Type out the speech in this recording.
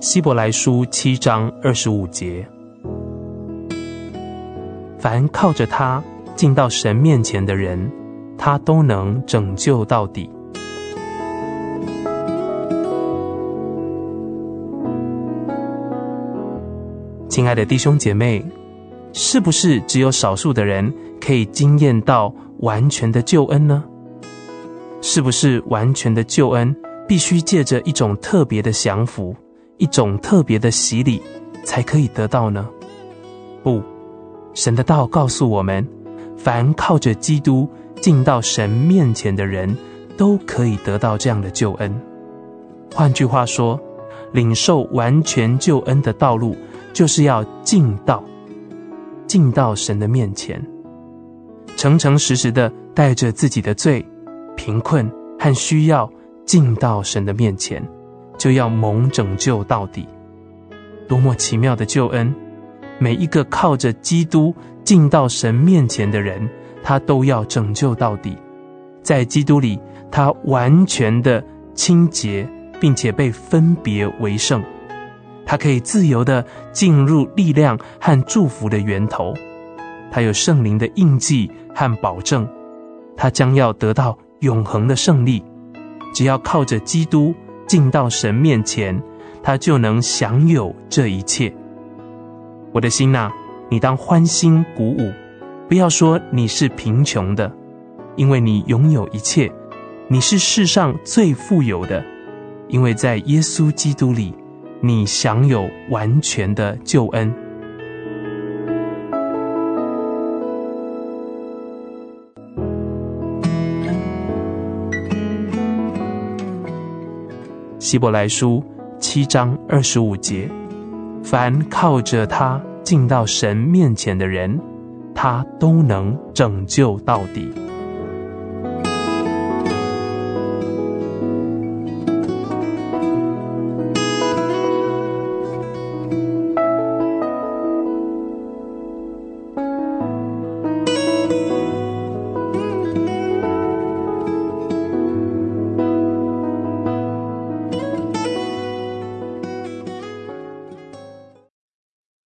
希伯來書七章二十五節：凡靠着他進到神面前的人，他都能拯救到底。親愛的弟兄姐妹，是不是只有少數的人可以經驗到完全的救恩呢？是不是完全的救恩必須借着一種特別的降服？一種特別的洗禮，才可以得到呢？不，神的道告訴我們：凡靠着基督進到神面前的人，都可以得到這樣的救恩。換句話說，領受完全救恩的道路，就是要進到，進到神的面前，誠誠實實的帶着自己的罪、貧困和需要，進到神的面前。就要蒙拯救到底，多麼奇妙的救恩！每一個靠着基督進到神面前的人，他都要拯救到底。在基督裡，他完全的清潔，並且被分別為聖，他可以自由的進入力量和祝福的源頭。他有聖靈的印記和保證，他將要得到永恆的勝利。只要靠着基督。進到神面前，他就能享有這一切。我的心吶、啊，你當歡欣鼓舞，不要說你是貧窮的，因為你擁有一切，你是世上最富有的，因為在耶穌基督裡，你享有完全的救恩。希伯來書七章二十五節：凡靠着他進到神面前的人，他都能拯救到底。